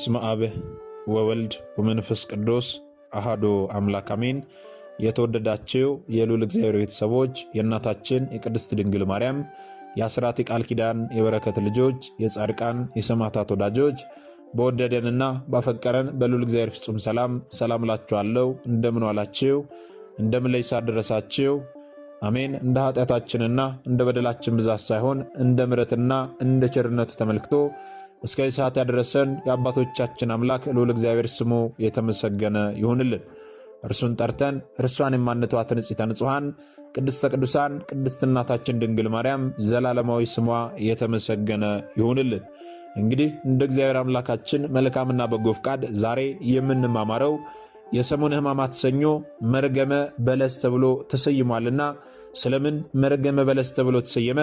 በስመ አብ ወወልድ ወመንፈስ ቅዱስ አሃዶ አምላክ አሜን። የተወደዳችው የሉል እግዚአብሔር ቤተሰቦች የእናታችን የቅድስት ድንግል ማርያም የአስራት የቃል ኪዳን የበረከት ልጆች የጻድቃን የሰማዕታት ወዳጆች በወደደንና ባፈቀረን በሉል እግዚአብሔር ፍጹም ሰላም ሰላም ላችኋለሁ። እንደምን ዋላችሁ? እንደምን ለይሳ ደረሳችሁ? አሜን። እንደ ኃጢአታችንና እንደ በደላችን ብዛት ሳይሆን እንደ ምረትና እንደ ቸርነቱ ተመልክቶ እስከዚህ ሰዓት ያደረሰን የአባቶቻችን አምላክ ልዑል እግዚአብሔር ስሙ የተመሰገነ ይሁንልን። እርሱን ጠርተን እርሷን የማንተዋት ንጽሕተ ንጹሐን ቅድስተ ቅዱሳን ቅድስት እናታችን ድንግል ማርያም ዘላለማዊ ስሟ የተመሰገነ ይሁንልን። እንግዲህ እንደ እግዚአብሔር አምላካችን መልካምና በጎ ፍቃድ ዛሬ የምንማማረው የሰሙነ ሕማማት ሰኞ መርገመ በለስ ተብሎ ተሰይሟልና ስለምን መርገመ በለስ ተብሎ ተሰየመ?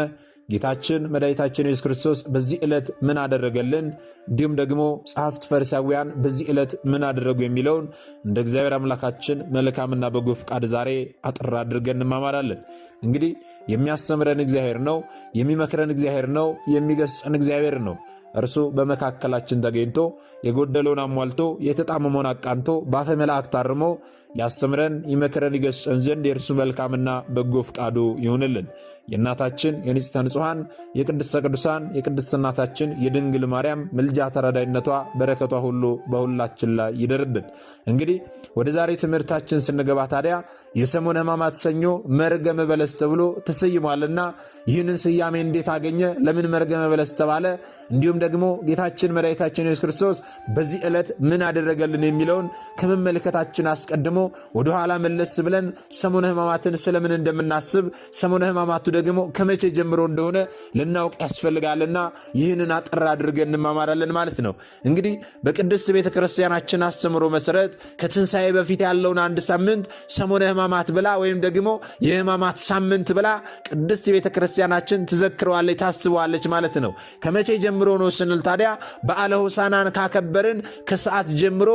ጌታችን መድኃኒታችን ኢየሱስ ክርስቶስ በዚህ ዕለት ምን አደረገልን፣ እንዲሁም ደግሞ ጸሐፍት ፈሪሳውያን በዚህ ዕለት ምን አደረጉ የሚለውን እንደ እግዚአብሔር አምላካችን መልካምና በጎ ፍቃድ ዛሬ አጥራ አድርገን እንማማራለን። እንግዲህ የሚያስተምረን እግዚአብሔር ነው፣ የሚመክረን እግዚአብሔር ነው፣ የሚገስጸን እግዚአብሔር ነው። እርሱ በመካከላችን ተገኝቶ የጎደለውን አሟልቶ የተጣመመውን አቃንቶ በአፈ መላእክት አርሞ ያስተምረን ይመክረን ይገስጸን ዘንድ የእርሱ መልካምና በጎ ፍቃዱ ይሁንልን። የእናታችን የንጽተ ንጹሐን የቅድስተ ቅዱሳን የቅድስት እናታችን የድንግል ማርያም ምልጃ ተራዳይነቷ በረከቷ ሁሉ በሁላችን ላይ ይደርብን። እንግዲህ ወደ ዛሬ ትምህርታችን ስንገባ ታዲያ የሰሙነ ሕማማት ሰኞ መርገመ በለስ ተብሎ ተሰይሟልና ይህንን ስያሜ እንዴት አገኘ? ለምን መርገመ በለስ ተባለ? እንዲሁም ደግሞ ጌታችን መድኃኒታችን ኢየሱስ ክርስቶስ በዚህ ዕለት ምን አደረገልን የሚለውን ከመመልከታችን አስቀድሞ ወደኋላ መለስ ብለን ሰሙነ ሕማማትን ስለምን እንደምናስብ ሰሙነ ሕማማቱ ደግሞ ከመቼ ጀምሮ እንደሆነ ልናውቅ ያስፈልጋልና ይህንን አጠር አድርገን እንማማራለን ማለት ነው። እንግዲህ በቅድስት ቤተ ክርስቲያናችን አስተምሮ መሰረት ከትንሣኤ በፊት ያለውን አንድ ሳምንት ሰሙነ ሕማማት ብላ ወይም ደግሞ የሕማማት ሳምንት ብላ ቅድስት ቤተ ክርስቲያናችን ትዘክረዋለች፣ ታስበዋለች ማለት ነው። ከመቼ ጀምሮ ነው ስንል ታዲያ በዓለ ሆሳናን ካከበርን ከሰዓት ጀምሮ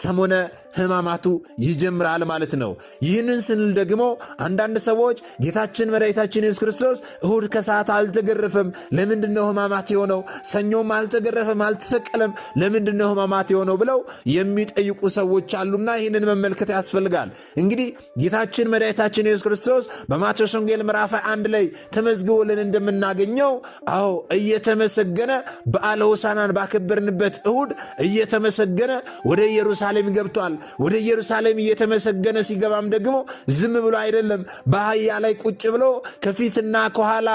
ሰሙነ ህማማቱ ይጀምራል ማለት ነው። ይህንን ስንል ደግሞ አንዳንድ ሰዎች ጌታችን መድኃኒታችን ኢየሱስ ክርስቶስ እሁድ ከሰዓት አልተገረፈም፣ ለምንድን ነው ህማማት የሆነው? ሰኞም አልተገረፈም፣ አልተሰቀለም፣ ለምንድን ነው ህማማት የሆነው ብለው የሚጠይቁ ሰዎች አሉና ይህንን መመልከት ያስፈልጋል። እንግዲህ ጌታችን መድኃኒታችን ኢየሱስ ክርስቶስ በማቴዎስ ወንጌል ምዕራፍ አንድ ላይ ተመዝግቦልን እንደምናገኘው አዎ እየተመሰገነ በዓለ ሆሳናን ባከበርንበት እሁድ እየተመሰገነ ወደ ኢየሩሳሌም ገብቷል። ወደ ኢየሩሳሌም እየተመሰገነ ሲገባም ደግሞ ዝም ብሎ አይደለም፣ በአህያ ላይ ቁጭ ብሎ ከፊትና ከኋላ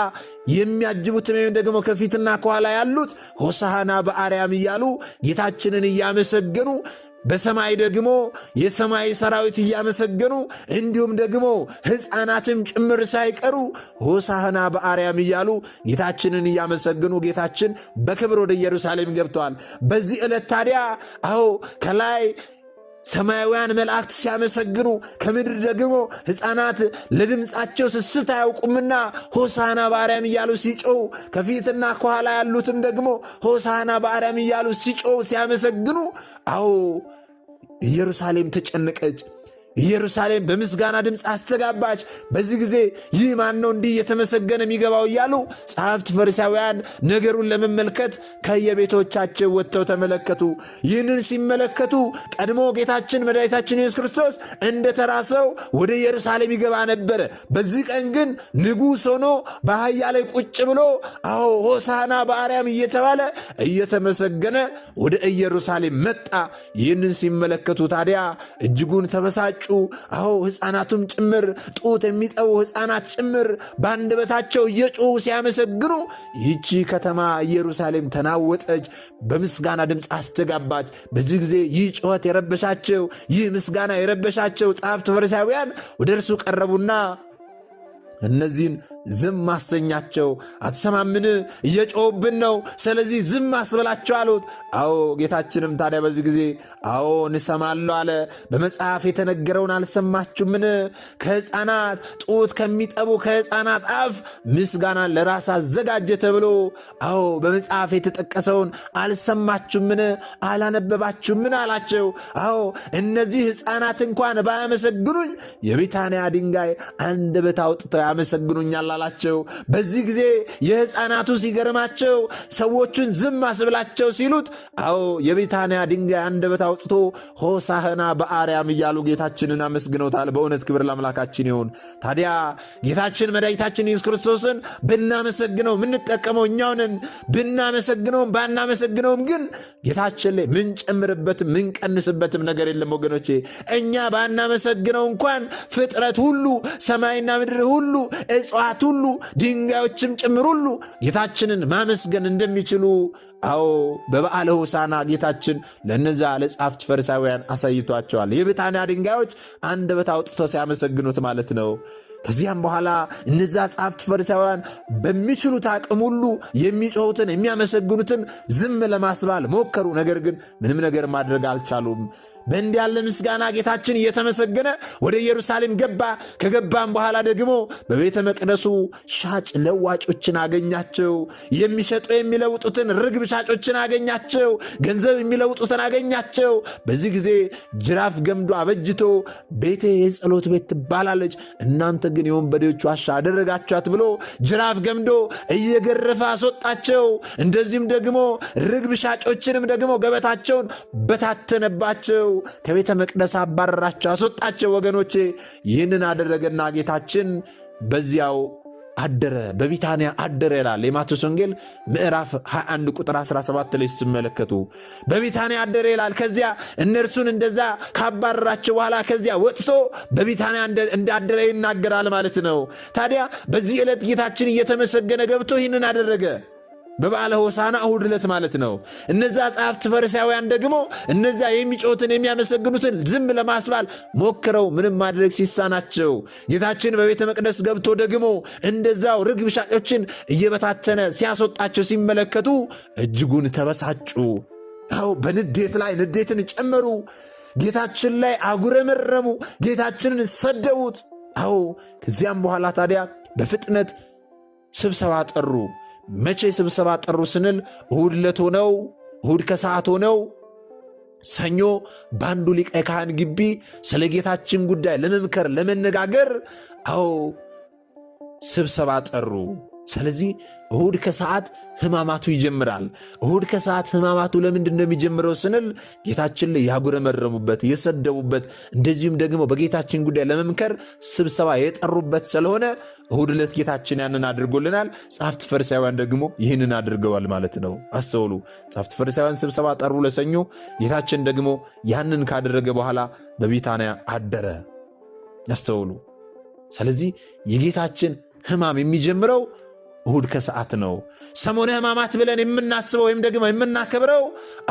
የሚያጅቡት ወይም ደግሞ ከፊትና ከኋላ ያሉት ሆሳሃና በአርያም እያሉ ጌታችንን እያመሰገኑ በሰማይ ደግሞ የሰማይ ሰራዊት እያመሰገኑ እንዲሁም ደግሞ ሕፃናትም ጭምር ሳይቀሩ ሆሳህና በአርያም እያሉ ጌታችንን እያመሰገኑ ጌታችን በክብር ወደ ኢየሩሳሌም ገብተዋል። በዚህ ዕለት ታዲያ አዎ ከላይ ሰማያውያን መላእክት ሲያመሰግኑ ከምድር ደግሞ ሕፃናት ለድምፃቸው ስስት አያውቁምና ሆሳና በአርያም እያሉ ሲጮው ከፊትና ከኋላ ያሉትም ደግሞ ሆሳና በአርያም እያሉ ሲጮው ሲያመሰግኑ አዎ ኢየሩሳሌም ተጨነቀች። ኢየሩሳሌም በምስጋና ድምፅ አስተጋባች። በዚህ ጊዜ ይህ ማን ነው እንዲህ እየተመሰገነ የሚገባው እያሉ ጸሐፍት ፈሪሳውያን ነገሩን ለመመልከት ከየቤቶቻቸው ወጥተው ተመለከቱ። ይህንን ሲመለከቱ ቀድሞ ጌታችን መድኃኒታችን ኢየሱስ ክርስቶስ እንደ ተራ ሰው ወደ ኢየሩሳሌም ይገባ ነበረ። በዚህ ቀን ግን ንጉሥ ሆኖ በአህያ ላይ ቁጭ ብሎ አዎ ሆሳና በአርያም እየተባለ እየተመሰገነ ወደ ኢየሩሳሌም መጣ። ይህንን ሲመለከቱ ታዲያ እጅጉን ተበሳጩ። የሚረጩ አዎ ሕፃናቱም ጭምር ጡት የሚጠቡ ሕፃናት ጭምር በአንደበታቸው እየጮሁ ሲያመሰግኑ ይቺ ከተማ ኢየሩሳሌም ተናወጠች፣ በምስጋና ድምፅ አስተጋባች። በዚህ ጊዜ ይህ ጩኸት የረበሻቸው፣ ይህ ምስጋና የረበሻቸው ጸሐፍት ፈሪሳውያን ወደ እርሱ ቀረቡና እነዚህን ዝም ማሰኛቸው አትሰማምን? እየጮሁብን ነው። ስለዚህ ዝም አስበላቸው አሉት። አዎ ጌታችንም ታዲያ በዚህ ጊዜ አዎ እንሰማለሁ አለ። በመጽሐፍ የተነገረውን አልሰማችሁምን? ከሕፃናት ጡት ከሚጠቡ ከሕፃናት አፍ ምስጋና ለራስ አዘጋጀ ተብሎ። አዎ በመጽሐፍ የተጠቀሰውን አልሰማችሁምን? አላነበባችሁምን? አላቸው። አዎ እነዚህ ሕፃናት እንኳን ባያመሰግኑኝ የቢታንያ ድንጋይ አንደበት አውጥተው ያመሰግኑኛል አላቸው። በዚህ ጊዜ የሕፃናቱ ሲገርማቸው ሰዎቹን ዝም አስብላቸው ሲሉት አዎ የቤታንያ ድንጋይ አንደበት አውጥቶ ሆሳህና በአርያም እያሉ ጌታችንን አመስግነውታል። በእውነት ክብር ለአምላካችን ይሁን። ታዲያ ጌታችን መድኃኒታችን ኢየሱስ ክርስቶስን ብናመሰግነው ምንጠቀመው እኛውንን ብናመሰግነውም ባናመሰግነውም ግን ጌታችን ላይ ምንጨምርበትም ምንቀንስበትም ነገር የለም ወገኖቼ። እኛ ባናመሰግነው እንኳን ፍጥረት ሁሉ ሰማይና ምድር ሁሉ እጽዋት ሁሉ ድንጋዮችም ጭምር ሁሉ ጌታችንን ማመስገን እንደሚችሉ አዎ በበዓለ ሆሳና ጌታችን ለነዛ ለጻፍት ፈሪሳውያን አሳይቷቸዋል። የቤታንያ ድንጋዮች አንደበት አውጥተው ሲያመሰግኑት ማለት ነው። ከዚያም በኋላ እነዛ ጻፍት ፈሪሳውያን በሚችሉት አቅም ሁሉ የሚጮሁትን የሚያመሰግኑትን ዝም ለማስባል ሞከሩ። ነገር ግን ምንም ነገር ማድረግ አልቻሉም። በእንዲህ ያለ ምስጋና ጌታችን እየተመሰገነ ወደ ኢየሩሳሌም ገባ። ከገባም በኋላ ደግሞ በቤተ መቅደሱ ሻጭ ለዋጮችን አገኛቸው። የሚሸጡ የሚለውጡትን ርግብ ሻጮችን አገኛቸው። ገንዘብ የሚለውጡትን አገኛቸው። በዚህ ጊዜ ጅራፍ ገምዶ አበጅቶ ቤቴ የጸሎት ቤት ትባላለች፣ እናንተ ግን የወንበዴዎች ዋሻ አደረጋችኋት ብሎ ጅራፍ ገምዶ እየገረፈ አስወጣቸው። እንደዚህም ደግሞ ርግብ ሻጮችንም ደግሞ ገበታቸውን በታተነባቸው። ከቤተ መቅደስ አባረራቸው፣ አስወጣቸው። ወገኖቼ ይህንን አደረገና ጌታችን በዚያው አደረ በቢታንያ አደረ ይላል የማቴዎስ ወንጌል ምዕራፍ 21 ቁጥር 17 ላይ ስትመለከቱ በቢታንያ አደረ ይላል። ከዚያ እነርሱን እንደዛ ካባረራቸው በኋላ ከዚያ ወጥቶ በቢታንያ እንዳደረ ይናገራል ማለት ነው። ታዲያ በዚህ ዕለት ጌታችን እየተመሰገነ ገብቶ ይህንን አደረገ። በበዓለ ሆሳና እሁድ ዕለት ማለት ነው። እነዛ ጸሐፍት ፈሪሳውያን ደግሞ እነዛ የሚጮሁትን የሚያመሰግኑትን ዝም ለማስባል ሞክረው ምንም ማድረግ ሲሳናቸው ጌታችን በቤተ መቅደስ ገብቶ ደግሞ እንደዛው ርግብ ሻጮችን እየበታተነ ሲያስወጣቸው ሲመለከቱ እጅጉን ተበሳጩ። ያው በንዴት ላይ ንዴትን ጨመሩ። ጌታችን ላይ አጉረመረሙ። ጌታችንን ሰደቡት። አዎ ከዚያም በኋላ ታዲያ በፍጥነት ስብሰባ ጠሩ። መቼ ስብሰባ ጠሩ ስንል እሁድ ለቶ ሆነው እሁድ ከሰዓት ሆነው ሰኞ በአንዱ ሊቀ ካህን ግቢ ስለ ጌታችን ጉዳይ ለመምከር ለመነጋገር አዎ ስብሰባ ጠሩ። ስለዚህ እሁድ ከሰዓት ህማማቱ ይጀምራል። እሁድ ከሰዓት ህማማቱ ለምንድን ነው የሚጀምረው ስንል ጌታችን ላይ ያጉረመረሙበት፣ የሰደቡበት እንደዚሁም ደግሞ በጌታችን ጉዳይ ለመምከር ስብሰባ የጠሩበት ስለሆነ እሁድ ዕለት ጌታችን ያንን አድርጎልናል። ጻፍት ፈሪሳውያን ደግሞ ይህንን አድርገዋል ማለት ነው። አስተውሉ። ጻፍት ፈሪሳውያን ስብሰባ ጠሩ ለሰኞ። ጌታችን ደግሞ ያንን ካደረገ በኋላ በቢታንያ አደረ። አስተውሉ። ስለዚህ የጌታችን ህማም የሚጀምረው እሁድ ከሰዓት ነው። ሰሞነ ሕማማት ብለን የምናስበው ወይም ደግሞ የምናከብረው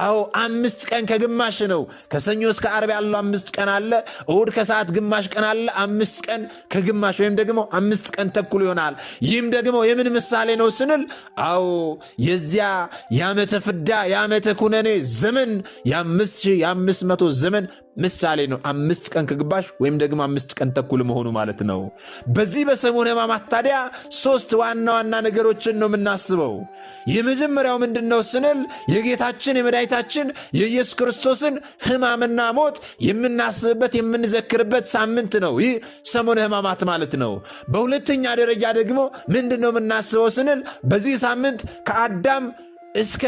አዎ አምስት ቀን ከግማሽ ነው። ከሰኞ እስከ ዓርብ ያለው አምስት ቀን አለ። እሁድ ከሰዓት ግማሽ ቀን አለ። አምስት ቀን ከግማሽ ወይም ደግሞ አምስት ቀን ተኩል ይሆናል። ይህም ደግሞ የምን ምሳሌ ነው ስንል አዎ የዚያ የዓመተ ፍዳ የዓመተ ኩነኔ ዘመን የአምስት ሺህ የአምስት መቶ ዘመን ምሳሌ ነው። አምስት ቀን ከግማሽ ወይም ደግሞ አምስት ቀን ተኩል መሆኑ ማለት ነው። በዚህ በሰሙነ ሕማማት ታዲያ ሶስት ዋና ዋና ነገሮችን ነው የምናስበው። የመጀመሪያው ምንድን ነው ስንል የጌታችን የመድኃኒታችን የኢየሱስ ክርስቶስን ሕማምና ሞት የምናስብበት የምንዘክርበት ሳምንት ነው ይህ ሰሙነ ሕማማት ማለት ነው። በሁለተኛ ደረጃ ደግሞ ምንድን ነው የምናስበው ስንል በዚህ ሳምንት ከአዳም እስከ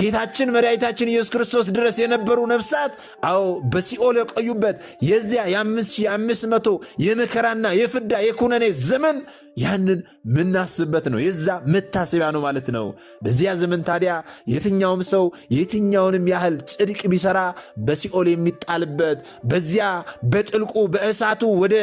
ጌታችን መድኃኒታችን ኢየሱስ ክርስቶስ ድረስ የነበሩ ነፍሳት አዎ በሲኦል የቆዩበት የዚያ የ መቶ የመከራና የፍዳ የኩነኔ ዘመን ያንን ምናስብበት ነው። የዛ መታሰቢያ ነው ማለት ነው። በዚያ ዘመን ታዲያ የትኛውም ሰው የትኛውንም ያህል ጽድቅ ቢሰራ በሲኦል የሚጣልበት በዚያ በጥልቁ በእሳቱ ወደ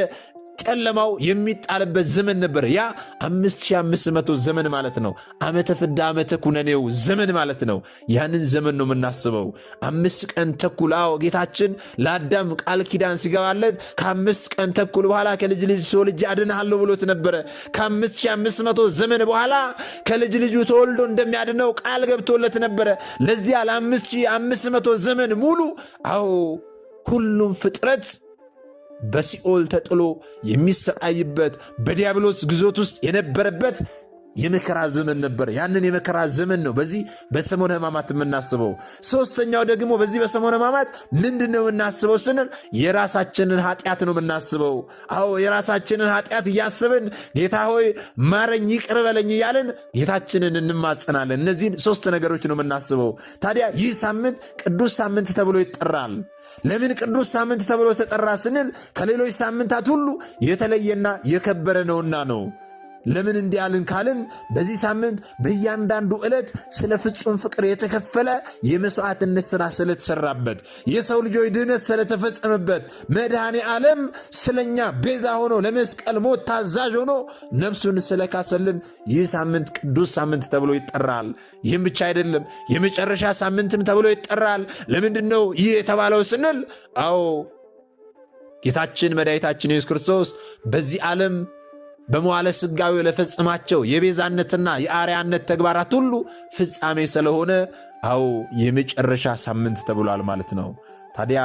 ጨለማው የሚጣልበት ዘመን ነበር። ያ 5500 ዘመን ማለት ነው። ዓመተ ፍዳ ዓመተ ኩነኔው ዘመን ማለት ነው። ያንን ዘመን ነው የምናስበው። አምስት ቀን ተኩል አዎ፣ ጌታችን ለአዳም ቃል ኪዳን ሲገባለት ከአምስት ቀን ተኩል በኋላ ከልጅ ልጅ ሰው ልጅ አድንሃለሁ ብሎት ነበረ። ከ5500 ዘመን በኋላ ከልጅ ልጁ ተወልዶ እንደሚያድነው ቃል ገብቶለት ነበረ። ለዚያ ለ5500 ዘመን ሙሉ አዎ ሁሉም ፍጥረት በሲኦል ተጥሎ የሚሰቃይበት በዲያብሎስ ግዞት ውስጥ የነበረበት የመከራ ዘመን ነበር። ያንን የመከራ ዘመን ነው በዚህ በሰሞነ ሕማማት የምናስበው። ሶስተኛው ደግሞ በዚህ በሰሞነ ሕማማት ምንድን ነው የምናስበው ስንል የራሳችንን ኃጢአት ነው የምናስበው። አዎ የራሳችንን ኃጢአት እያስብን ጌታ ሆይ ማረኝ፣ ይቅር በለኝ እያልን ጌታችንን እንማጸናለን። እነዚህን ሶስት ነገሮች ነው የምናስበው። ታዲያ ይህ ሳምንት ቅዱስ ሳምንት ተብሎ ይጠራል። ለምን ቅዱስ ሳምንት ተብሎ ተጠራ ስንል ከሌሎች ሳምንታት ሁሉ የተለየና የከበረ ነውና ነው። ለምን እንዲያልን ካልን በዚህ ሳምንት በእያንዳንዱ ዕለት ስለ ፍጹም ፍቅር የተከፈለ የመስዋዕትነት ሥራ ስለተሰራበት የሰው ልጆች ድህነት ስለተፈጸመበት መድኃኔ ዓለም ስለኛ ቤዛ ሆኖ ለመስቀል ሞት ታዛዥ ሆኖ ነፍሱን ስለካሰልን ይህ ሳምንት ቅዱስ ሳምንት ተብሎ ይጠራል። ይህም ብቻ አይደለም፣ የመጨረሻ ሳምንትም ተብሎ ይጠራል። ለምንድን ነው ይህ የተባለው ስንል፣ አዎ ጌታችን መድኃኒታችን ኢየሱስ ክርስቶስ በዚህ ዓለም በመዋለ ስጋዊ ለፈጽማቸው የቤዛነትና የአርያነት ተግባራት ሁሉ ፍጻሜ ስለሆነ አዎ የመጨረሻ ሳምንት ተብሏል ማለት ነው። ታዲያ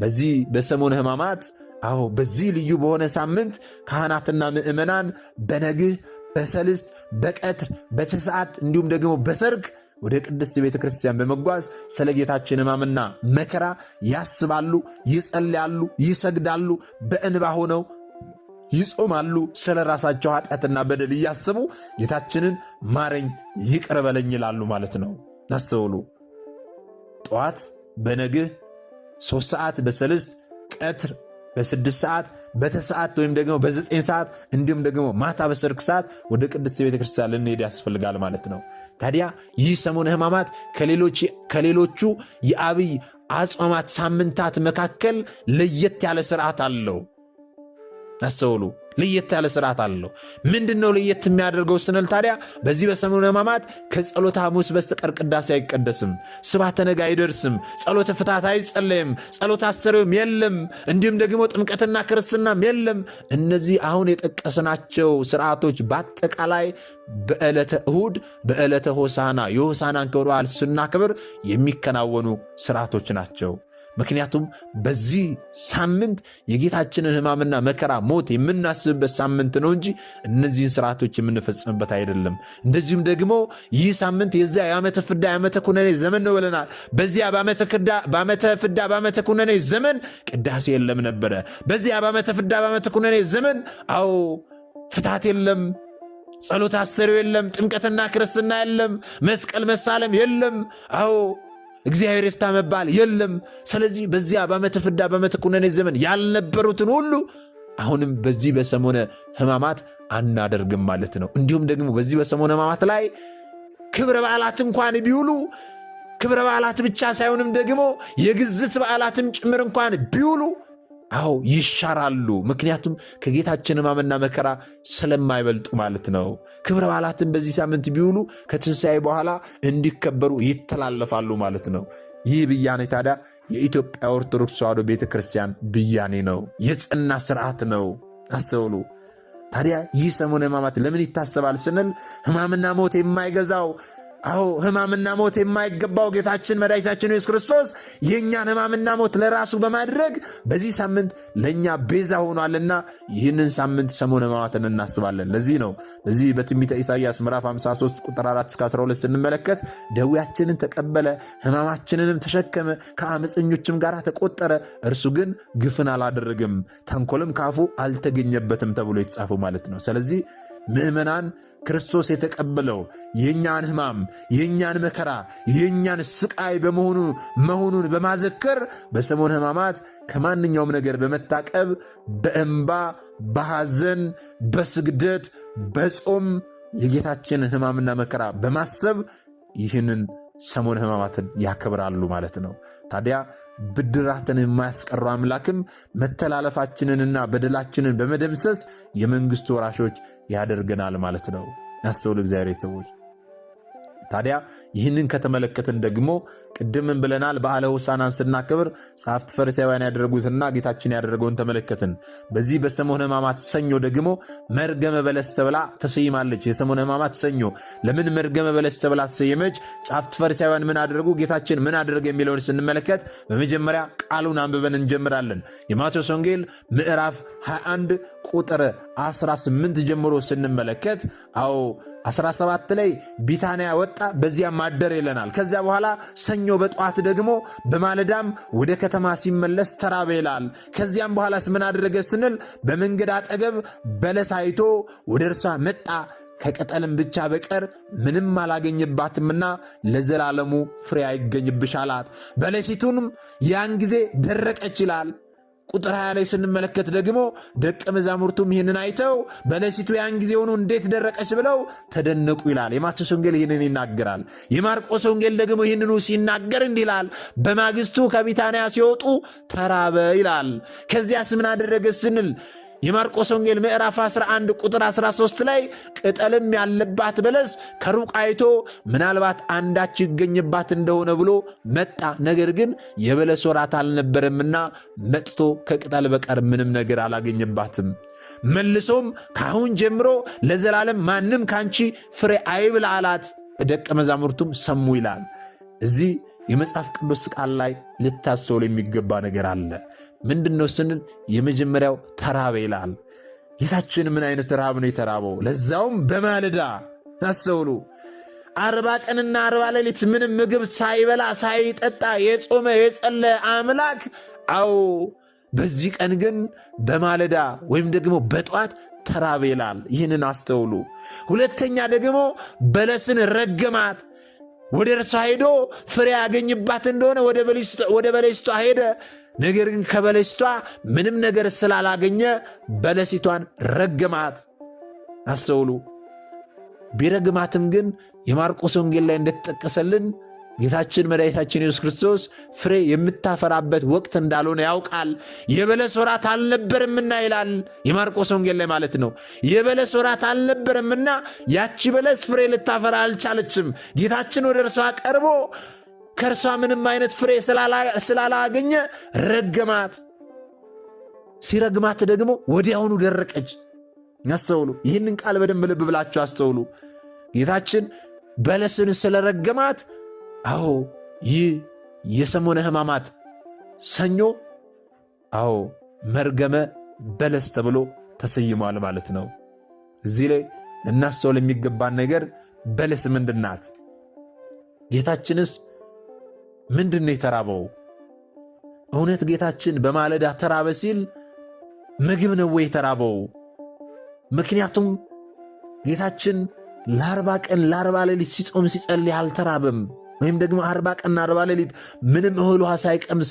በዚህ በሰሙነ ሕማማት አዎ በዚህ ልዩ በሆነ ሳምንት ካህናትና ምእመናን በነግህ፣ በሰልስት፣ በቀትር፣ በተሰዓት እንዲሁም ደግሞ በሰርግ ወደ ቅድስት ቤተ ክርስቲያን በመጓዝ ስለ ጌታችን ሕማምና መከራ ያስባሉ፣ ይጸልያሉ፣ ይሰግዳሉ በእንባ ሆነው ይጾማሉ። ስለ ራሳቸው ኃጢአትና በደል እያስቡ ጌታችንን ማረኝ ይቅር በለኝ ይላሉ ማለት ነው። አስተውሉ። ጠዋት በነግህ ሶስት ሰዓት በሰልስት ቀትር በስድስት ሰዓት በተሰዓት ወይም ደግሞ በዘጠኝ ሰዓት እንዲሁም ደግሞ ማታ በሰርክ ሰዓት ወደ ቅድስት ቤተክርስቲያን ልንሄድ ያስፈልጋል ማለት ነው። ታዲያ ይህ ሰሙነ ሕማማት ከሌሎቹ የአብይ አጽዋማት ሳምንታት መካከል ለየት ያለ ስርዓት አለው። አስተውሉ። ለየት ያለ ስርዓት አለው። ምንድን ነው ለየት የሚያደርገው ስንል ታዲያ በዚህ በሰሙነ ሕማማት ከጸሎተ ሐሙስ በስተቀር ቅዳሴ አይቀደስም፣ ስብሐተ ነግ አይደርስም፣ ጸሎተ ፍታት አይጸለይም፣ ጸሎተ አስተርእዮም የለም፣ እንዲሁም ደግሞ ጥምቀትና ክርስትናም የለም። እነዚህ አሁን የጠቀስናቸው ስርዓቶች በአጠቃላይ በዕለተ እሁድ በዕለተ ሆሳና የሆሳናን ክብረ በዓል ስናክብር የሚከናወኑ ስርዓቶች ናቸው። ምክንያቱም በዚህ ሳምንት የጌታችንን ህማምና መከራ ሞት የምናስብበት ሳምንት ነው እንጂ እነዚህን ስርዓቶች የምንፈጽምበት አይደለም። እንደዚሁም ደግሞ ይህ ሳምንት የዚያ የዓመተ ፍዳ የዓመተ ኩነኔ ዘመን ነው ብለናል። በዚያ በዓመተ ፍዳ በዓመተ ኩነኔ ዘመን ቅዳሴ የለም ነበረ። በዚያ በዓመተ ፍዳ በዓመተ ኩነኔ ዘመን አዎ ፍታት የለም፣ ጸሎት አሰሪው የለም፣ ጥምቀትና ክርስትና የለም፣ መስቀል መሳለም የለም። አዎ እግዚአብሔር ይፍታ መባል የለም። ስለዚህ በዚያ በዓመተ ፍዳ በዓመተ ኩነኔ ዘመን ያልነበሩትን ሁሉ አሁንም በዚህ በሰሞነ ሕማማት አናደርግም ማለት ነው። እንዲሁም ደግሞ በዚህ በሰሞነ ሕማማት ላይ ክብረ በዓላት እንኳን ቢውሉ ክብረ በዓላት ብቻ ሳይሆንም ደግሞ የግዝት በዓላትም ጭምር እንኳን ቢውሉ አዎ ይሻራሉ። ምክንያቱም ከጌታችን ሕማምና መከራ ስለማይበልጡ ማለት ነው። ክብረ በዓላትን በዚህ ሳምንት ቢውሉ ከትንሣኤ በኋላ እንዲከበሩ ይተላለፋሉ ማለት ነው። ይህ ብያኔ ታዲያ የኢትዮጵያ ኦርቶዶክስ ተዋሕዶ ቤተ ክርስቲያን ብያኔ ነው። የጽና ስርዓት ነው። አስተውሉ። ታዲያ ይህ ሰሙነ ሕማማት ለምን ይታሰባል ስንል ሕማምና ሞት የማይገዛው አዎ ህማምና ሞት የማይገባው ጌታችን መድኃኒታችን ኢየሱስ ክርስቶስ የእኛን ህማምና ሞት ለራሱ በማድረግ በዚህ ሳምንት ለእኛ ቤዛ ሆኗልና ይህንን ሳምንት ሰሙነ ሕማማትን እናስባለን። ለዚህ ነው በዚህ በትንቢተ ኢሳይያስ ምዕራፍ 53 ቁጥር 4 እስከ 12 ስንመለከት ደዌያችንን ተቀበለ፣ ህማማችንንም ተሸከመ፣ ከአመፀኞችም ጋር ተቆጠረ፣ እርሱ ግን ግፍን አላደረገም፣ ተንኮልም ካፉ አልተገኘበትም ተብሎ የተጻፈው ማለት ነው። ስለዚህ ምዕመናን ክርስቶስ የተቀበለው የእኛን ሕማም የእኛን መከራ የእኛን ስቃይ በመሆኑ መሆኑን በማዘከር በሰሞን ሕማማት ከማንኛውም ነገር በመታቀብ በእንባ በሐዘን በስግደት በጾም የጌታችንን ሕማምና መከራ በማሰብ ይህንን ሰሞን ሕማማትን ያከብራሉ ማለት ነው። ታዲያ ብድራትን የማያስቀረው አምላክም መተላለፋችንንና በደላችንን በመደምሰስ የመንግስት ወራሾች ያደርገናል ማለት ነው። ያስተውል እግዚአብሔር ቤተሰቦች። ታዲያ ይህንን ከተመለከትን ደግሞ ቅድምን ብለናል። በዓለ ሆሳዕናን ስናከብር ጸሐፍት ፈሪሳውያን ያደረጉትና ጌታችን ያደረገውን ተመለከትን። በዚህ በሰሙነ ሕማማት ሰኞ ደግሞ መርገመ በለስ ተብላ ተሰይማለች። የሰሙነ ሕማማት ሰኞ ለምን መርገመ በለስ ተብላ ተሰየመች? ጸሐፍት ፈሪሳውያን ምን አደረጉ? ጌታችን ምን አደረገ? የሚለውን ስንመለከት በመጀመሪያ ቃሉን አንብበን እንጀምራለን። የማቴዎስ ወንጌል ምዕራፍ 21 ቁጥር 18 ጀምሮ ስንመለከት አዎ 17 ላይ ቢታንያ ወጣ፣ በዚያም ማደር ይለናል። ከዚያ በኋላ ሰኞ በጠዋት ደግሞ በማለዳም ወደ ከተማ ሲመለስ ተራበ ይላል። ከዚያም በኋላስ ምን አደረገ ስንል በመንገድ አጠገብ በለስ አይቶ ወደ እርሷ መጣ ከቅጠልም ብቻ በቀር ምንም አላገኝባትምና ለዘላለሙ ፍሬ አይገኝብሽ አላት። በለሲቱንም ያን ጊዜ ደረቀች ይላል። ቁጥር 20 ላይ ስንመለከት ደግሞ ደቀ መዛሙርቱም ይህንን አይተው በለሲቱ ያን ጊዜ ሆኖ እንዴት ደረቀች ብለው ተደነቁ ይላል። የማቴዎስ ወንጌል ይህንን ይናገራል። የማርቆስ ወንጌል ደግሞ ይህንኑ ሲናገር እንዲህ ይላል፣ በማግስቱ ከቢታንያ ሲወጡ ተራበ ይላል። ከዚያስ ምን አደረገ ስንል የማርቆስ ወንጌል ምዕራፍ 11 ቁጥር 13 ላይ ቅጠልም ያለባት በለስ ከሩቅ አይቶ ምናልባት አንዳች ይገኝባት እንደሆነ ብሎ መጣ። ነገር ግን የበለስ ወራት አልነበረምና መጥቶ ከቅጠል በቀር ምንም ነገር አላገኘባትም። መልሶም ከአሁን ጀምሮ ለዘላለም ማንም ካንቺ ፍሬ አይብል አላት። ደቀ መዛሙርቱም ሰሙ ይላል። እዚህ የመጽሐፍ ቅዱስ ቃል ላይ ልታስተውል የሚገባ ነገር አለ። ምንድን ነው ስንል የመጀመሪያው ተራበ ይላል። ጌታችን ምን አይነት ረሃብ ነው የተራበው? ለዛውም በማለዳ አስተውሉ። አርባ ቀንና አርባ ሌሊት ምንም ምግብ ሳይበላ ሳይጠጣ የጾመ የጸለየ አምላክ አዎ በዚህ ቀን ግን በማለዳ ወይም ደግሞ በጠዋት ተራበ ይላል። ይህንን አስተውሉ። ሁለተኛ ደግሞ በለስን ረገማት። ወደ እርሷ ሄዶ ፍሬ ያገኝባት እንደሆነ ወደ በለሲቷ ሄደ። ነገር ግን ከበለሲቷ ምንም ነገር ስላላገኘ በለሲቷን ረገማት። አስተውሉ። ቢረግማትም ግን የማርቆስ ወንጌል ላይ እንደተጠቀሰልን ጌታችን መድኃኒታችን ኢየሱስ ክርስቶስ ፍሬ የምታፈራበት ወቅት እንዳልሆነ ያውቃል። የበለስ ወራት አልነበርምና ይላል የማርቆስ ወንጌል ላይ ማለት ነው። የበለስ ወራት አልነበርምና ያቺ በለስ ፍሬ ልታፈራ አልቻለችም። ጌታችን ወደ እርሷ ቀርቦ ከእርሷ ምንም አይነት ፍሬ ስላላገኘ ረገማት። ሲረግማት ደግሞ ወዲያውኑ ደረቀች። አስተውሉ። ይህንን ቃል በደንብ ልብ ብላችሁ አስተውሉ። ጌታችን በለስን ስለረገማት፣ አዎ ይህ የሰሞነ ሕማማት ሰኞ፣ አዎ መርገመ በለስ ተብሎ ተሰይሟል ማለት ነው። እዚህ ላይ እናስተውል የሚገባን ነገር በለስ ምንድን ናት? ጌታችንስ ምንድን ነው የተራበው? እውነት ጌታችን በማለዳ ተራበ ሲል ምግብ ነው ወይ የተራበው? ምክንያቱም ጌታችን ለአርባ ቀን ለአርባ ሌሊት ሲጾም ሲጸልይ አልተራበም። ወይም ደግሞ አርባ ቀንና አርባ ሌሊት ምንም እህል ውሃ ሳይቀምስ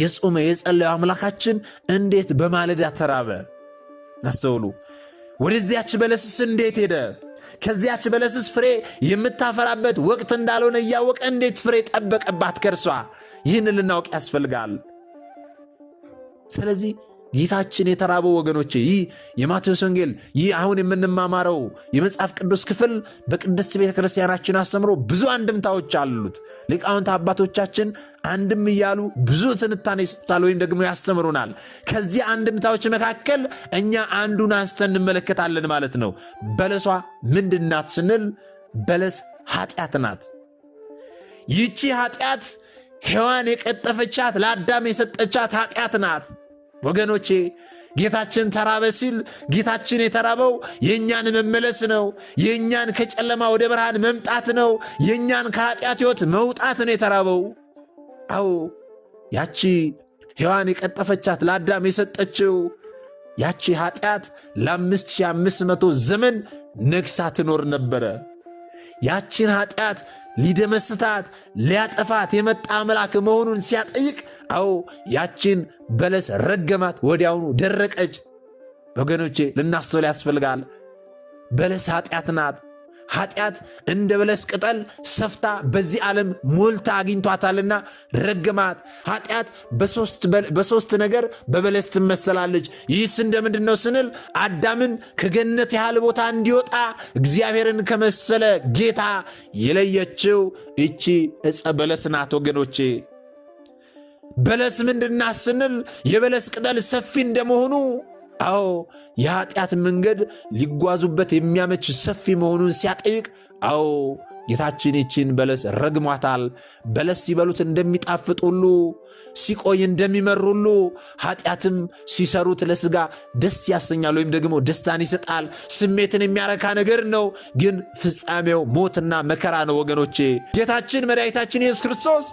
የጾመ የጸለየው አምላካችን እንዴት በማለዳ ተራበ? አስተውሉ። ወደዚያች በለስስ እንዴት ሄደ? ከዚያች በለስስ ፍሬ የምታፈራበት ወቅት እንዳልሆነ እያወቀ እንዴት ፍሬ ጠበቀባት ከእርሷ? ይህን ልናውቅ ያስፈልጋል። ስለዚህ ጌታችን የተራበው ወገኖች ይህ የማቴዎስ ወንጌል ይህ አሁን የምንማማረው የመጽሐፍ ቅዱስ ክፍል በቅድስት ቤተ ክርስቲያናችን አስተምሮ ብዙ አንድምታዎች አሉት። ሊቃውንት አባቶቻችን አንድም እያሉ ብዙ ትንታኔ ይሰጡታል ወይም ደግሞ ያስተምሩናል። ከዚህ አንድምታዎች መካከል እኛ አንዱን አንስተን እንመለከታለን ማለት ነው። በለሷ ምንድናት ስንል በለስ ኃጢአት ናት። ይቺ ኃጢአት ሔዋን የቀጠፈቻት ለአዳም የሰጠቻት ኃጢአት ናት። ወገኖቼ ጌታችን ተራበ ሲል ጌታችን የተራበው የእኛን መመለስ ነው። የእኛን ከጨለማ ወደ ብርሃን መምጣት ነው። የእኛን ከኃጢአት ሕይወት መውጣት ነው የተራበው። አዎ ያቺ ሔዋን የቀጠፈቻት ለአዳም የሰጠችው ያቺ ኃጢአት ለአምስት ሺህ አምስት መቶ ዘመን ነግሳ ትኖር ነበረ። ያቺን ኃጢአት ሊደመስታት ሊያጠፋት የመጣ አምላክ መሆኑን ሲያጠይቅ አዎ ያችን በለስ ረገማት፣ ወዲያውኑ ደረቀች። ወገኖቼ ልናስተውል ያስፈልጋል። በለስ ኃጢአት ናት። ኃጢአት እንደ በለስ ቅጠል ሰፍታ በዚህ ዓለም ሞልታ አግኝቷታልና ረገማት። ኃጢአት በሶስት ነገር በበለስ ትመሰላለች። ይህስ እንደምንድን ነው ስንል አዳምን ከገነት ያህል ቦታ እንዲወጣ እግዚአብሔርን ከመሰለ ጌታ የለየችው እቺ ዕፀ በለስ ናት ወገኖቼ። በለስ ምንድና ስንል የበለስ ቅጠል ሰፊ እንደመሆኑ አዎ የኃጢአት መንገድ ሊጓዙበት የሚያመች ሰፊ መሆኑን ሲያጠይቅ አዎ ጌታችን ይችን በለስ ረግሟታል። በለስ ሲበሉት እንደሚጣፍጥ ሁሉ ሲቆይ እንደሚመር ሁሉ ኃጢአትም ሲሰሩት ለስጋ ደስ ያሰኛል ወይም ደግሞ ደስታን ይሰጣል። ስሜትን የሚያረካ ነገር ነው፣ ግን ፍጻሜው ሞትና መከራ ነው። ወገኖቼ ጌታችን መድኃኒታችን ኢየሱስ ክርስቶስ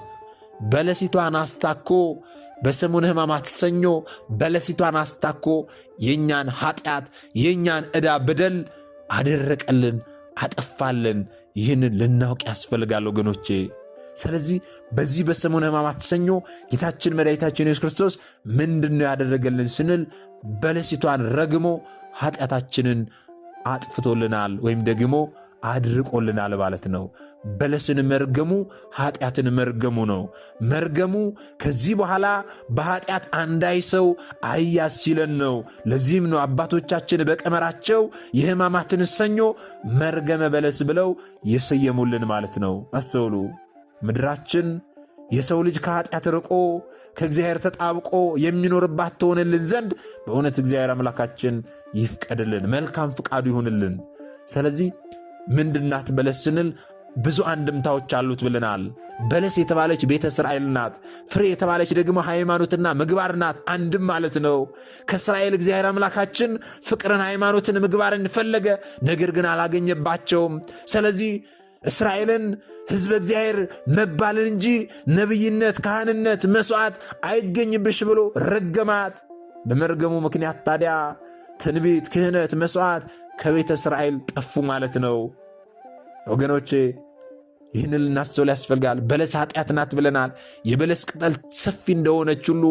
በለሲቷን አስታኮ በሰሙነ ሕማማት ሰኞ በለሲቷን አስታኮ የእኛን ኃጢአት የእኛን ዕዳ በደል አደረቀልን፣ አጠፋልን። ይህንን ልናውቅ ያስፈልጋል ወገኖቼ። ስለዚህ በዚህ በሰሙነ ሕማማት ሰኞ ጌታችን መድኃኒታችን ኢየሱስ ክርስቶስ ምንድን ነው ያደረገልን ስንል በለሲቷን ረግሞ ኃጢአታችንን አጥፍቶልናል ወይም ደግሞ አድርቆልናል ማለት ነው። በለስን መርገሙ ኃጢአትን መርገሙ ነው። መርገሙ ከዚህ በኋላ በኃጢአት አንዳይ ሰው አያዝ ሲለን ነው። ለዚህም ነው አባቶቻችን በቀመራቸው የሕማማትን ሰኞ መርገመ በለስ ብለው የሰየሙልን ማለት ነው። አስተውሉ። ምድራችን የሰው ልጅ ከኃጢአት ርቆ ከእግዚአብሔር ተጣብቆ የሚኖርባት ትሆንልን ዘንድ በእውነት እግዚአብሔር አምላካችን ይፍቀድልን፣ መልካም ፍቃዱ ይሁንልን። ስለዚህ ምንድናት በለስ ስንል ብዙ አንድምታዎች አሉት ብለናል። በለስ የተባለች ቤተ እስራኤል ናት። ፍሬ የተባለች ደግሞ ሃይማኖትና ምግባር ናት። አንድም ማለት ነው። ከእስራኤል እግዚአብሔር አምላካችን ፍቅርን፣ ሃይማኖትን፣ ምግባርን ፈለገ፣ ነገር ግን አላገኘባቸውም። ስለዚህ እስራኤልን ሕዝበ እግዚአብሔር መባልን እንጂ ነቢይነት፣ ካህንነት፣ መሥዋዕት አይገኝብሽ ብሎ ረገማት። በመርገሙ ምክንያት ታዲያ ትንቢት፣ ክህነት፣ መሥዋዕት ከቤተ እስራኤል ጠፉ ማለት ነው። ወገኖቼ ይህንን ልናስተውል ያስፈልጋል። በለስ ኃጢአት ናት ብለናል። የበለስ ቅጠል ሰፊ እንደሆነች ሁሉ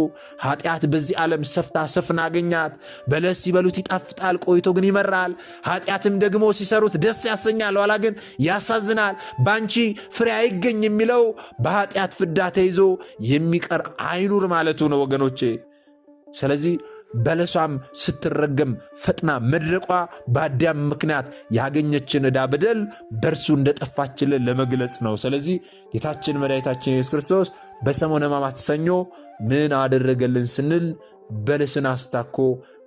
ኃጢአት በዚህ ዓለም ሰፍታ ሰፍና አገኛት። በለስ ሲበሉት ይጣፍጣል፣ ቆይቶ ግን ይመራል። ኃጢአትም ደግሞ ሲሰሩት ደስ ያሰኛል፣ ኋላ ግን ያሳዝናል። በአንቺ ፍሬ አይገኝ የሚለው በኃጢአት ፍዳ ተይዞ የሚቀር አይኑር ማለቱ ነው ወገኖቼ ስለዚህ በለሷም ስትረገም ፈጥና መድረቋ በአዳም ምክንያት ያገኘችን ዕዳ በደል በእርሱ እንደጠፋችልን ለመግለጽ ነው። ስለዚህ ጌታችን መድኃኒታችን ኢየሱስ ክርስቶስ በሰሙነ ሕማማት ሰኞ ምን አደረገልን ስንል በለስን አስታኮ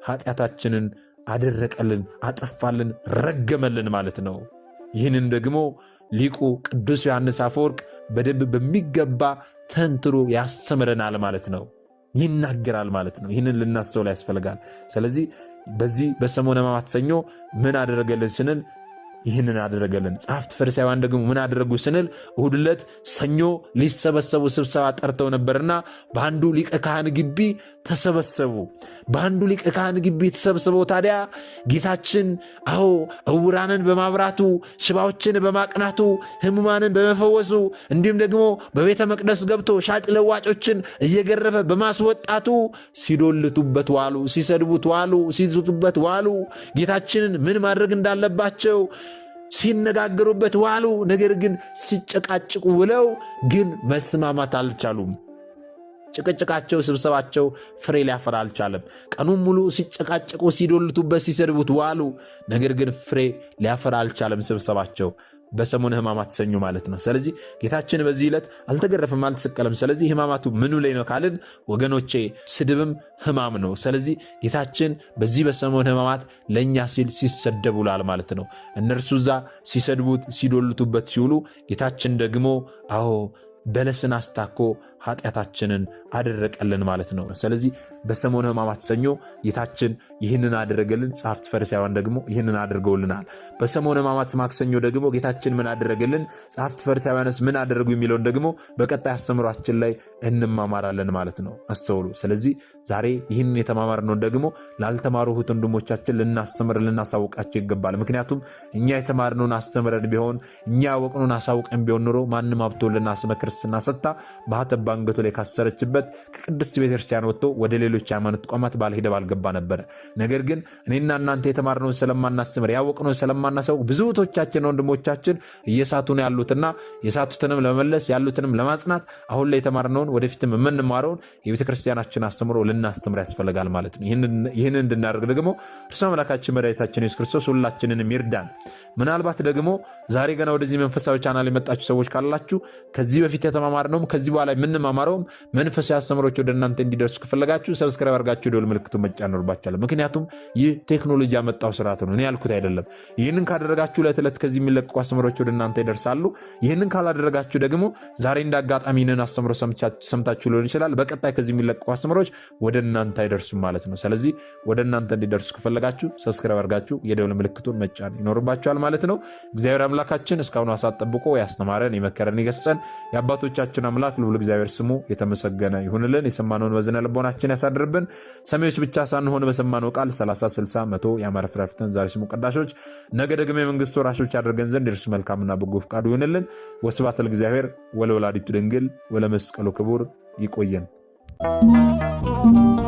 ኃጢአታችንን አደረቀልን፣ አጠፋልን፣ ረገመልን ማለት ነው። ይህንን ደግሞ ሊቁ ቅዱስ ዮሐንስ አፈወርቅ በደንብ በሚገባ ተንትሮ ያስተምረናል ማለት ነው። ይናገራል ማለት ነው። ይህንን ልናስተውል ያስፈልጋል። ስለዚህ በዚህ በሰሙነ ሕማማት ሰኞ ምን አደረገልን ስንል ይህንን አደረገልን። ጸሐፍት ፈሪሳውያን ደግሞ ምን አደረጉ ስንል እሁድ ዕለት ሰኞ ሊሰበሰቡ ስብሰባ ጠርተው ነበርና በአንዱ ሊቀ ካህን ግቢ ተሰበሰቡ። በአንዱ ሊቀ ካህን ግቢ ተሰብስበው ታዲያ ጌታችን አዎ እውራንን በማብራቱ ሽባዎችን በማቅናቱ ሕሙማንን በመፈወሱ እንዲሁም ደግሞ በቤተ መቅደስ ገብቶ ሻጭ ለዋጮችን እየገረፈ በማስወጣቱ ሲዶልቱበት ዋሉ፣ ሲሰድቡት ዋሉ፣ ሲዙቱበት ዋሉ። ጌታችንን ምን ማድረግ እንዳለባቸው ሲነጋገሩበት ዋሉ። ነገር ግን ሲጨቃጭቁ ውለው ግን መስማማት አልቻሉም። ጭቅጭቃቸው፣ ስብሰባቸው ፍሬ ሊያፈራ አልቻለም። ቀኑን ሙሉ ሲጨቃጭቁ፣ ሲዶልቱበት፣ ሲሰድቡት ዋሉ። ነገር ግን ፍሬ ሊያፈራ አልቻለም ስብሰባቸው። በሰሙን ህማማት ሰኞ ማለት ነው። ስለዚህ ጌታችን በዚህ ዕለት አልተገረፍም፣ አልተሰቀለም። ስለዚህ ህማማቱ ምኑ ላይ ነው ካልን ወገኖቼ፣ ስድብም ህማም ነው። ስለዚህ ጌታችን በዚህ በሰሙን ህማማት ለእኛ ሲል ሲሰደብ ውሏል ማለት ነው። እነርሱ እዛ ሲሰድቡት ሲዶልቱበት ሲውሉ ጌታችን ደግሞ አዎ በለስን አስታኮ ኃጢአታችንን አደረቀልን ማለት ነው። ስለዚህ በሰሞነ ሕማማት ሰኞ ጌታችን ይህንን አደረገልን፣ ጸሐፍት ፈሪሳውያን ደግሞ ይህንን አድርገውልናል። በሰሞነ ሕማማት ማክሰኞ ደግሞ ጌታችን ምን አደረገልን፣ ጸሐፍት ፈሪሳውያንስ ምን አደረጉ የሚለውን ደግሞ በቀጣይ አስተምሯችን ላይ እንማማራለን ማለት ነው። አስተውሉ። ስለዚህ ዛሬ ይህንን የተማማርነውን ደግሞ ላልተማሩት ወንድሞቻችን ልናስተምር ልናሳውቃቸው ይገባል። ምክንያቱም እኛ የተማርነውን አስተምረን ቢሆን እኛ ያወቅነውን አሳውቀን ቢሆን ኑሮ ማንም ሀብቶ ልናስመክር ስናሰታ በአንገቱ ላይ ካሰረችበት ከቅድስት ቤተክርስቲያን ወጥቶ ወደ ሌሎች ሃይማኖት ተቋማት ባልሄደ ባልገባ ነበረ። ነገር ግን እኔና እናንተ የተማርነውን ስለማናስተምር ያወቅነውን ስለማናሰው ብዙ እህቶቻችን ወንድሞቻችን እየሳቱ ነው ያሉትና የሳቱትንም ለመመለስ ያሉትንም ለማጽናት አሁን ላይ የተማርነውን ወደፊትም የምንማረውን የቤተክርስቲያናችን አስተምሮ ልናስተምር ያስፈልጋል ማለት ነው። ይህንን እንድናደርግ ደግሞ እርሱ አምላካችን መድኃኒታችን ኢየሱስ ክርስቶስ ሁላችንንም ይርዳን። ምናልባት ደግሞ ዛሬ ገና ወደዚህ መንፈሳዊ ቻናል የመጣችሁ ሰዎች ካላችሁ ከዚህ በፊት የተማማርነውም ከዚህ በኋላ የምንማማረውም መንፈሳዊ አስተምሮች ወደ እናንተ እንዲደርሱ ከፈለጋችሁ ሰብስክራይብ አድርጋችሁ ደወል ምልክቱ መጫን ይኖርባችኋል። ምክንያቱም ይህ ቴክኖሎጂ ያመጣው ስርዓት ነው፣ እኔ ያልኩት አይደለም። ይህንን ካደረጋችሁ ዕለት ዕለት ከዚህ የሚለቀቁ አስተምሮች ወደ እናንተ ይደርሳሉ። ይህንን ካላደረጋችሁ ደግሞ ዛሬ እንደ አጋጣሚ ይህንን አስተምሮ ሰምታችሁ ሊሆን ይችላል። በቀጣይ ከዚህ የሚለቀቁ አስተምሮች ወደ እናንተ አይደርሱም ማለት ነው። ስለዚህ ወደ እናንተ እንዲደርሱ ከፈለጋችሁ ሰብስክራይብ አድርጋችሁ የደወል ምልክቱን መጫን ይኖርባችኋል ማለት ነው። እግዚአብሔር አምላካችን እስካሁኑ አሳት ጠብቆ ያስተማረን የመከረን የገሰጸን የአባቶቻችን አምላክ ልዑል እግዚአብሔር እግዚአብሔር ስሙ የተመሰገነ ይሁንልን። የሰማነውን በዝነ ልቦናችን ያሳድርብን። ሰሚዎች ብቻ ሳንሆን በሰማነው ቃል 30፣ 60፣ መቶ የአማረ ፍራፍተን ዛሬ ስሙ ቀዳሾች፣ ነገ ደግሞ የመንግስት ወራሾች ያደርገን ዘንድ የእርሱ መልካምና በጎ ፍቃዱ ይሁንልን። ወስብሐት ለእግዚአብሔር ወለወላዲቱ ድንግል ወለመስቀሉ ክቡር። ይቆየን። Thank